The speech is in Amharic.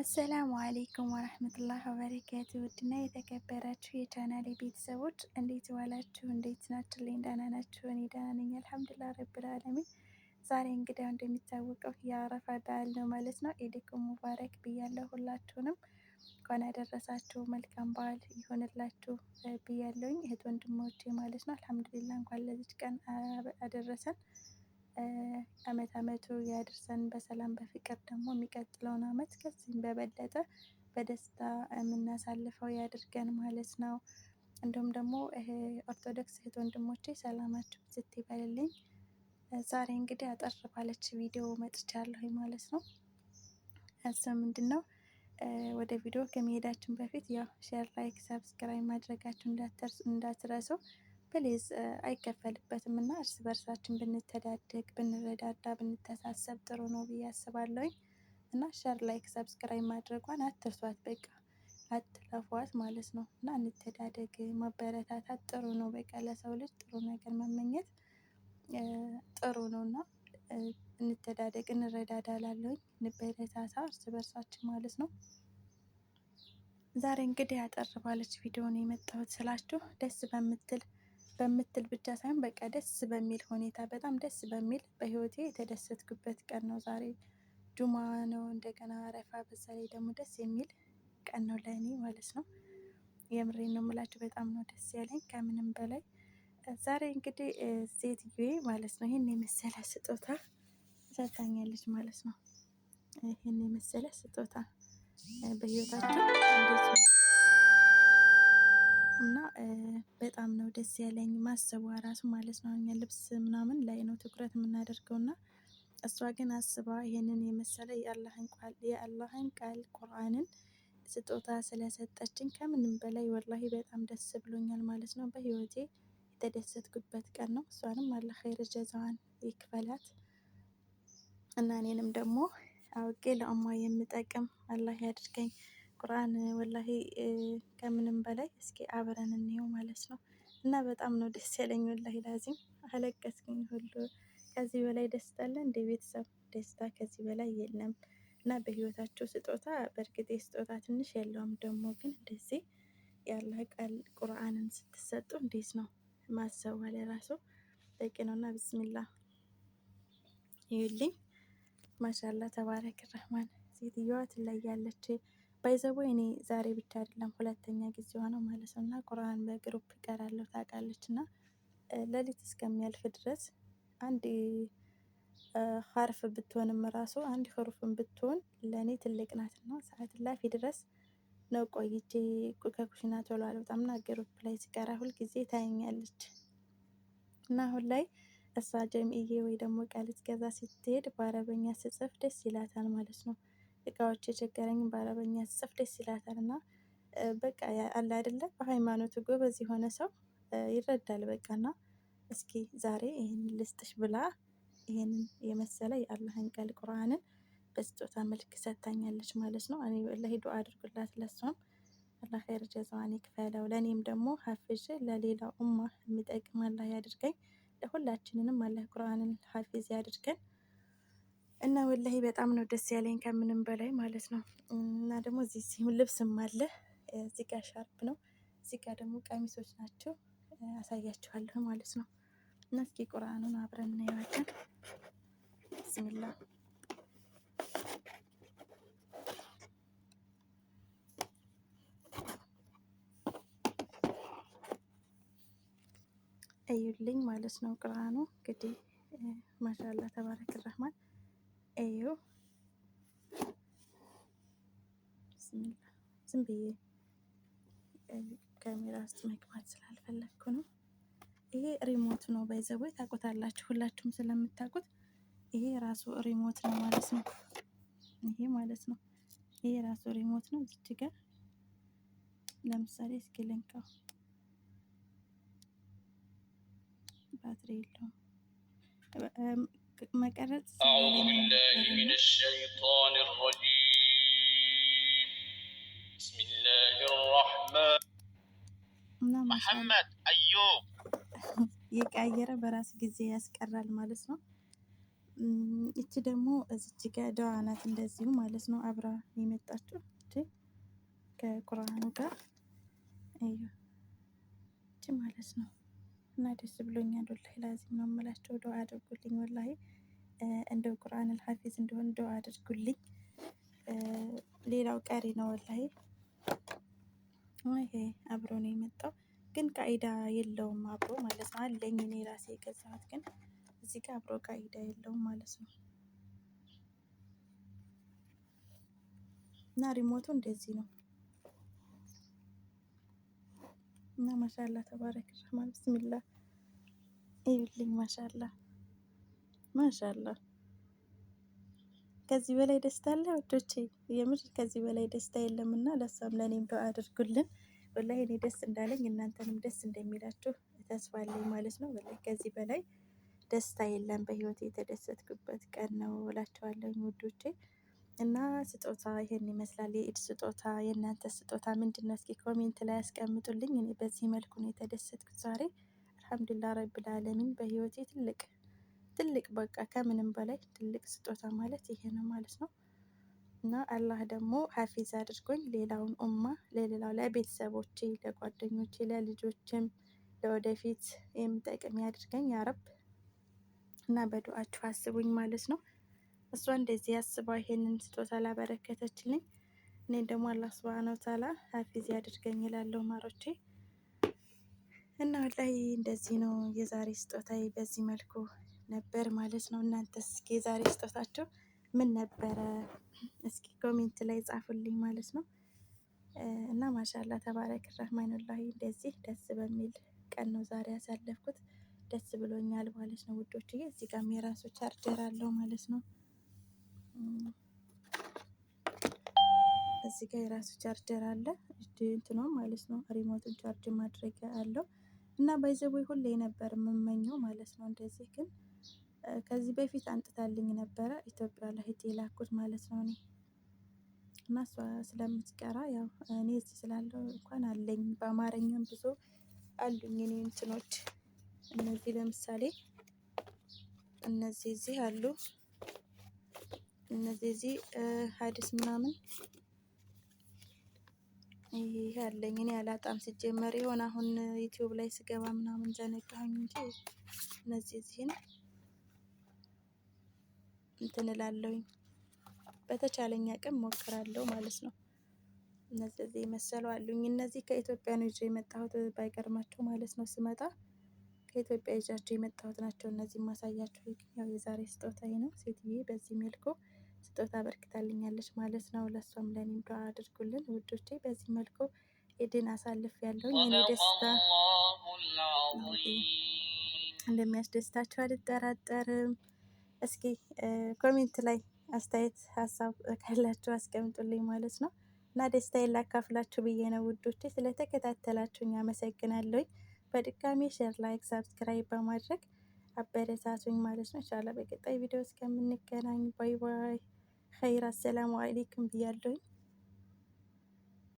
አሰላሙ አሌይኩም ወረህመቱላህ ወበረካቱ። ውድና የተከበራችሁ የቻናሌ ቤተሰቦች እንዴት ዋላችሁ? እንዴት ናችሁ? ልኝ ደህና ናችሁ? እኔ ደህና ነኝ አልሐምዱሊላህ ረብል ዓለሚን። ዛሬ እንግዲያ እንደሚታወቀው የአረፋ በዓል ነው ማለት ነው። ኢድኩም ሙባረክ ብያለሁ። ሁላችሁንም እንኳን ያደረሳችሁ መልካም በዓል ይሆንላችሁ ብያለሁኝ እህት ወንድሞቼ ማለት ነው። አልሐምዱሊላህ እንኳን ለዚች ቀን አደረሰን። አመት አመቱ ያድርሰን በሰላም በፍቅር ደግሞ የሚቀጥለውን አመት ከዚህም በበለጠ በደስታ የምናሳልፈው ያድርገን ማለት ነው። እንዲሁም ደግሞ ኦርቶዶክስ እህት ወንድሞቼ ሰላማችሁ ስት ይበልልኝ። ዛሬ እንግዲህ አጠር ባለች ቪዲዮ መጥቻለሁ ማለት ነው። እሱ ምንድን ነው ወደ ቪዲዮ ከመሄዳችን በፊት ያው ሼር፣ ላይክ፣ ሰብስክራይብ ማድረጋችሁ እንዳትረሱ ፕሊዝ አይከፈልበትም እና እርስ በርሳችን ብንተዳደግ ብንረዳዳ ብንተሳሰብ ጥሩ ነው ብዬ አስባለሁኝ። እና ሸር ላይክ ሰብስክራይብ ማድረጓን አትርሷት በቃ አትለፏት ማለት ነው። እና እንተዳደግ ማበረታታት ጥሩ ነው በቃ ለሰው ልጅ ጥሩ ነገር መመኘት ጥሩ ነው። እና እንተዳደግ እንረዳዳ እላለሁኝ እንበረታታ እርስ በርሳችን ማለት ነው። ዛሬ እንግዲህ አጠር ባለች ቪዲዮ ነው የመጣሁት ስላችሁ ደስ በምትል በምትል ብቻ ሳይሆን በቃ ደስ በሚል ሁኔታ በጣም ደስ በሚል በህይወቴ የተደሰትኩበት ቀን ነው ዛሬ። ጁማ ነው እንደገና አረፋ በዛ ላይ ደግሞ ደስ የሚል ቀን ነው ለእኔ ማለት ነው። የምሬን ነው የምላችሁ በጣም ነው ደስ ያለኝ ከምንም በላይ። ዛሬ እንግዲህ ሴትዬ ማለት ነው ይህን የመሰለ ስጦታ ሰጥታኛለች ማለት ነው። ይህን የመሰለ ስጦታ በህይወታቸው እና በጣም ነው ደስ ያለኝ ማሰቧ ራሱ ማለት ነው። እኛ ልብስ ምናምን ላይ ነው ትኩረት የምናደርገው እና እሷ ግን አስባ ይህንን የመሰለ የአላህን ቃል ቁርአንን ስጦታ ስለሰጠችን ከምንም በላይ ወላሂ በጣም ደስ ብሎኛል ማለት ነው። በህይወቴ የተደሰትኩበት ቀን ነው። እሷንም አላህ ኸይር ጀዛዋን ይክፈላት እና እኔንም ደግሞ አውቄ ለእሟ የምጠቅም አላህ ያድርገኝ። ቁርአን ወላሂ ከምንም በላይ እስኪ አብረን እንየው ማለት ነው። እና በጣም ነው ደስ ያለኝ ወላሂ ላዚም አለቀስኝ ሁሉ። ከዚህ በላይ ደስታ አለ እንደ ቤተሰብ ደስታ ከዚህ በላይ የለም። እና በህይወታቸው ስጦታ በእርግጥ ስጦታ ትንሽ የለውም ደግሞ ግን እንደዚህ ያለ ቃል ቁርአንን ስትሰጡ እንዴት ነው ማሰቡ ራሱ በቂ ነውና ብስሚላ ይሁልኝ። ማሻላ ተባረክ ረህማን ሴትዮዋ ትለያለች። ባይዘዌ እኔ ዛሬ ብቻ አይደለም ሁለተኛ ጊዜ ሆነው ማለት ነው። እና ቁርአን በግሩፕ ይቀራለሁ ታውቃለች እና ሌሊት እስከሚያልፍ ድረስ አንድ ሀርፍ ብትሆንም ራሱ አንድ ሀሩፍን ብትሆን ለእኔ ትልቅ ናት። ናትና ሰዓት ላፊ ድረስ ነው ቆይቼ ከኩሽና ቶሎ አልወጣምና ግሩፕ ላይ ስቀራ ሁልጊዜ ታየኛለች። እና አሁን ላይ እሷ ጀምዬ ወይ ደግሞ እቃ ልትገዛ ስትሄድ በአረበኛ ስጽፍ ደስ ይላታል ማለት ነው። እቃዎች የቸገረኝ በአረበኛ ስጽፍ ደስ ይላታል እና በቃ አለ አይደለ በሃይማኖቱ ጎበዝ የሆነ ሰው ይረዳል። በቃ እና እስኪ ዛሬ ይሄንን ልስጥሽ ብላ ይህን የመሰለ የአላህን ቃል ቁርአንን በስጦታ መልክ ሰጥታኛለች ማለት ነው። እኔ ወላሂ ዱአ አድርጉላት ለሷም አላህ ኸይር ጀዛዋን ይክፈለው። ለእኔም ደግሞ ሀፍዤ ለሌላው ኡማ የሚጠቅም አላህ ያድርገኝ። ለሁላችንንም አላህ ቁርአንን ሀፊዝ ያድርገን። እና ወላሂ በጣም ነው ደስ ያለኝ ከምንም በላይ ማለት ነው። እና ደግሞ እዚህ ሲም ልብስም አለ እዚህ ጋር ሻርፕ ነው፣ እዚህ ጋር ደግሞ ቀሚሶች ናቸው አሳያችኋለሁ ማለት ነው። እና እስኪ ቁርአኑን አብረን እናየዋለን። ብስሚላ እዩልኝ ማለት ነው። ቁርአኑ እንግዲህ ማሻላ ተባረክ ረህማን እዩ ዝም ብዬ ካሜራ ውስጥ መግባት ስላልፈለግኩ ነው። ይሄ ሪሞት ነው። ባይዘቦይ ታውቁታላችሁ፣ ሁላችሁም ስለምታውቁት ይሄ ራሱ ሪሞት ነው ማለት ነው። ይሄ ማለት ነው። ይሄ ራሱ ሪሞት ነው። እዚህ ጋር ለምሳሌ እስኪ ልንካው። ባትሪ የለውም። መቀረጽ አዑዙ ቢላሂ መሐመድ አዩብ የቀየረ በራስ ጊዜ ያስቀራል ማለት ነው። እቺ ደግሞ እዚች ጋ ደዋ ናት እንደዚሁ ማለት ነው። አብራ የመጣችው ከቁርአኑ ጋር ይቺ ማለት ነው። እና ደስ ብሎኛል። ወላሂ ላዚም ነው የምላቸው ዱአ አድርጉልኝ። ወላሂ እንደው ቁርአን አልሐፊዝ እንደሆን ዱአ አድርጉልኝ። ሌላው ቀሪ ነው ወላሂ። ይሄ አብሮ ነው የመጣው ግን ቃኢዳ የለውም አብሮ ማለት ነው። አለኝ እኔ ራሴ የገዛሁት ግን እዚህ ጋር አብሮ ቃኢዳ የለውም ማለት ነው። እና ሪሞቱ እንደዚህ ነው። እና ማሻላ ተባረክ ረህማን ብስሚላ ይብልኝ ማሻላ ማሻላ። ከዚህ በላይ ደስታ አለ ወዶቼ? የምር ከዚህ በላይ ደስታ የለምና ለሷም ለእኔም ዱአ አድርጉልን። ወላሂ እኔ ደስ እንዳለኝ እናንተንም ደስ እንደሚላችሁ ተስፋ አለኝ ማለት ነው። ወላሂ ከዚህ በላይ ደስታ የለም። በህይወት የተደሰትኩበት ቀን ነው እላችኋለሁ ውዶቼ። እና ስጦታ ይሄን ይመስላል የኢድ ስጦታ። የእናንተ ስጦታ ነው? እስኪ ኮሜንት ላይ አስቀምጡልኝ። እኔ በዚህ መልኩ ነው የተደሰትኩት ዛሬ። አልሐምዱሊላህ ረብል አለሚን በህይወቴ ትልቅ ትልቅ በቃ ከምንም በላይ ትልቅ ስጦታ ማለት ይሄ ነው ማለት ነው። እና አላህ ደግሞ ሀፊዝ አድርጎኝ ሌላውን ኡማ ለሌላው ለቤተሰቦቼ፣ ለጓደኞቼ፣ ለልጆችም ለወደፊት የሚጠቅም ያድርገኝ ያረብ እና በዱዓችሁ አስቡኝ ማለት ነው። እሷ እንደዚህ አስባ ይሄንን ስጦታ ላበረከተችልኝ እኔ ደግሞ አላህ ሱብሃነሁ ወተዓላ ሀፊዝ ያድርገኝ እላለሁ ማሮቼ። እና ላይ እንደዚህ ነው የዛሬ ስጦታ በዚህ መልኩ ነበር ማለት ነው። እናንተስ እስኪ የዛሬ ስጦታቸው ምን ነበረ? እስኪ ኮሜንት ላይ ጻፉልኝ ማለት ነው። እና ማሻላ ተባረክ ረህማኑላሂ እንደዚህ ደስ በሚል ቀን ነው ዛሬ ያሳለፍኩት። ደስ ብሎኛል ማለት ነው ውዶችዬ። እዚህ የራሱ ቻርጀር አለው ማለት ነው። እዚህ ጋር የራሱ ቻርጀር አለ እንትኖ ማለት ነው። ሪሞቱን ቻርጅ ማድረጊያ አለው እና ባይዘቦይ ሁሌ ነበር የምመኘው ማለት ነው። እንደዚህ ግን ከዚህ በፊት አንጥታልኝ ነበረ ኢትዮጵያ ላይ ሄጄ ላኩት ማለት ነው። እኔ እና እሷ ስለምትቀራ ያው እኔ እዚህ ስላለው እንኳን አለኝ በአማርኛም ብዙ አሉኝ እኔ እንትኖች እነዚህ ለምሳሌ እነዚህ እዚህ አሉ እነዚህ እዚህ ሀዲስ ምናምን ይህ አለኝ እኔ አላጣም። ሲጀመር የሆነ አሁን ዩቲዩብ ላይ ስገባ ምናምን ዘነጋሁኝ እንጂ እነዚህ እዚህን እንትን እላለሁኝ በተቻለኝ አቅም ሞክራለሁ ማለት ነው። እነዚህ እዚህ መሰሉ አሉኝ። እነዚህ ከኢትዮጵያ ነው ይዤ የመጣሁት ባይገርማቸው ማለት ነው። ስመጣ ከኢትዮጵያ ይዣቸው የመጣሁት ናቸው። እነዚህ ማሳያቸው ያው የዛሬ ስጦታዬ ነው። ሴትዬ በዚህ መልኩ ስጦታ አበርክታልኛለች ማለት ነው። ለእሷም ለኔም ዱዓ አድርጉልን ውዶቼ። በዚህ መልኩ ኢድን አሳልፍ ያለው እኔ ደስታ እንደሚያስደስታችሁ አልጠራጠርም። እስኪ ኮሜንት ላይ አስተያየት ሀሳብ ካላችሁ አስቀምጡልኝ ማለት ነው እና ደስታዬን ላካፍላችሁ ብዬ ነው ውዶቼ። ስለተከታተላችሁኝ አመሰግናለሁኝ። በድጋሚ ሼር፣ ላይክ፣ ሳብስክራይብ በማድረግ አበረታቱኝ ማለት ነው። ኢንሻአላህ በቀጣይ ቪዲዮ እስከምንገናኝ ባይ ባይ። ኸይር አሰላሙ አለይኩም ብያለሁኝ።